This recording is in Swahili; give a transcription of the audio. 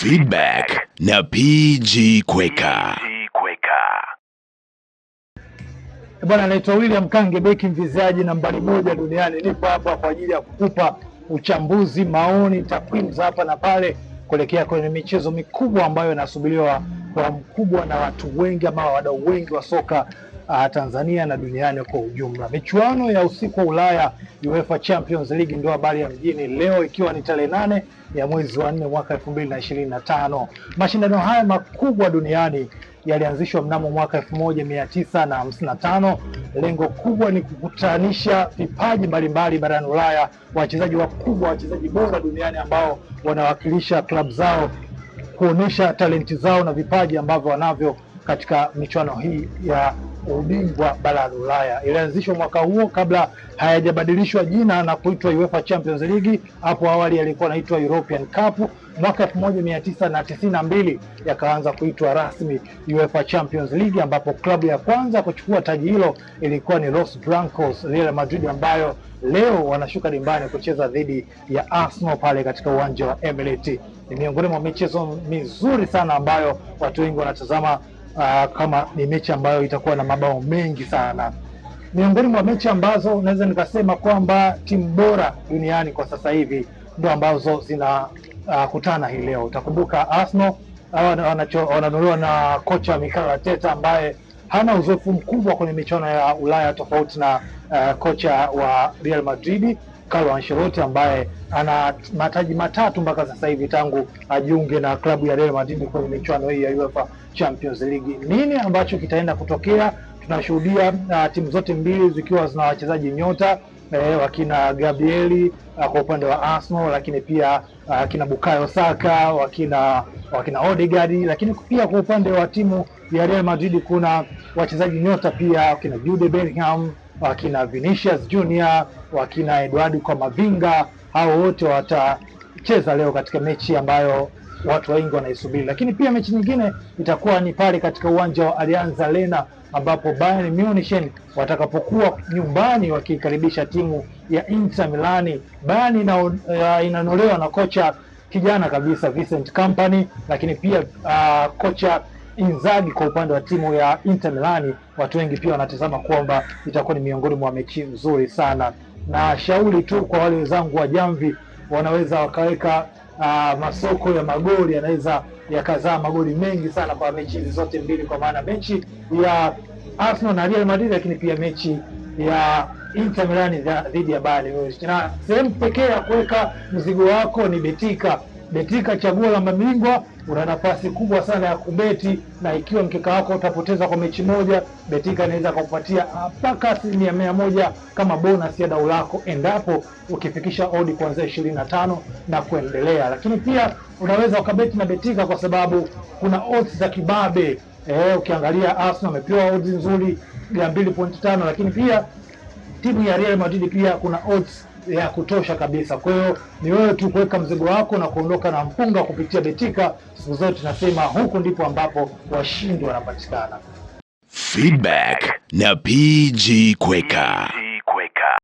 Feedback na PG Kweka. Eh, bwana, naitwa William Kange, beki mvizaji nambari moja duniani. Nipo hapa kwa ajili ya kukupa uchambuzi, maoni, takwimu za hapa na pale kuelekea kwenye michezo mikubwa ambayo inasubiriwa kwa mkubwa na watu wengi ama wadau wengi wa soka Ah, Tanzania na duniani kwa ujumla. Michuano ya usiku wa Ulaya UEFA Champions League ndio habari ya mjini leo, ikiwa ni tarehe nane ya mwezi wa nne mwaka elfu mbili na ishirini na tano. Mashindano haya makubwa duniani yalianzishwa mnamo mwaka elfu moja mia tisa na hamsini na tano. Lengo kubwa ni kukutanisha vipaji mbalimbali barani Ulaya, wachezaji wakubwa, wachezaji bora duniani ambao wanawakilisha klabu zao kuonyesha talenti zao na vipaji ambavyo wanavyo katika michuano hii ya ubingwa bara la Ulaya. Ilianzishwa mwaka huo kabla hayajabadilishwa jina na kuitwa UEFA Champions League. Hapo awali yalikuwa naitwa European Cup. Mwaka 1992 yakaanza kuitwa rasmi UEFA Champions League, ambapo klabu ya kwanza kuchukua taji hilo ilikuwa ni Los Blancos Real Madrid, ambayo leo wanashuka dimbani kucheza dhidi ya Arsenal pale katika uwanja wa Emirates. Ni miongoni mwa michezo mizuri sana ambayo watu wengi wanatazama uh, kama ni mechi ambayo itakuwa na mabao mengi sana. Miongoni mwa mechi ambazo naweza nikasema kwamba timu bora duniani kwa sasa hivi ndo ambazo zinakutana ah, uh, hii leo. Utakumbuka Arsenal ah, wananuliwa na kocha Mikel Arteta ambaye hana uzoefu mkubwa kwenye michuano ya Ulaya tofauti na uh, kocha wa Real Madrid Carlo Ancelotti ambaye ana mataji matatu mpaka sasa hivi tangu ajiunge na klabu ya Real Madrid kwenye michuano hii ya UEFA Champions League. Nini ambacho kitaenda kutokea? Tunashuhudia uh, timu zote mbili zikiwa zina wachezaji nyota eh, wakina Gabrieli uh, kwa upande wa Arsenal, lakini pia uh, ah, kina Bukayo Saka, wakina wakina Odegaard, lakini pia kwa upande wa timu ya Real Madrid kuna wachezaji nyota pia kina Jude Bellingham wakina Vinicius Junior, wakina Edward kwa Mavinga, hao wote watacheza leo katika mechi ambayo watu wengi wanaisubiri. Lakini pia mechi nyingine itakuwa ni pale katika uwanja wa Allianz Arena ambapo Bayern Munich watakapokuwa nyumbani wakiikaribisha timu ya Inter Milani. Bayern eh, inanolewa na kocha kijana kabisa Vincent Kompany, lakini pia uh, kocha Inzaghi kwa upande wa timu ya Inter Milan, watu wengi pia wanatazama kwamba itakuwa ni miongoni mwa mechi nzuri sana, na shauri tu kwa wale wenzangu wa Jamvi, wanaweza wakaweka uh, masoko ya magoli yanaweza yakazaa magoli mengi sana kwa mechi hizi zote mbili, kwa maana mechi ya Arsenal na Real Madrid, lakini pia mechi ya Inter Milan dhidi ya Bayern Munich. Na sehemu pekee ya kuweka mzigo wako ni Betika. Betika, chaguo la mabingwa una nafasi kubwa sana ya kubeti, na ikiwa mkeka wako utapoteza kwa mechi moja, Betika inaweza kukupatia mpaka asilimia mia moja kama bonus ya dau lako, endapo ukifikisha odi kuanzia ishirini na tano na kuendelea. Lakini pia unaweza ukabeti na Betika kwa sababu kuna odds za kibabe. Eh, ukiangalia Arsenal amepewa odds nzuri ya 2.5, lakini pia timu ya Real Madrid pia kuna odds ya kutosha kabisa. Kwa hiyo ni wewe tu kuweka mzigo wako na kuondoka na mpunga kupitia Betika. Siku zote tunasema huku ndipo ambapo washindi wanapatikana. Feedback na PG Kweka.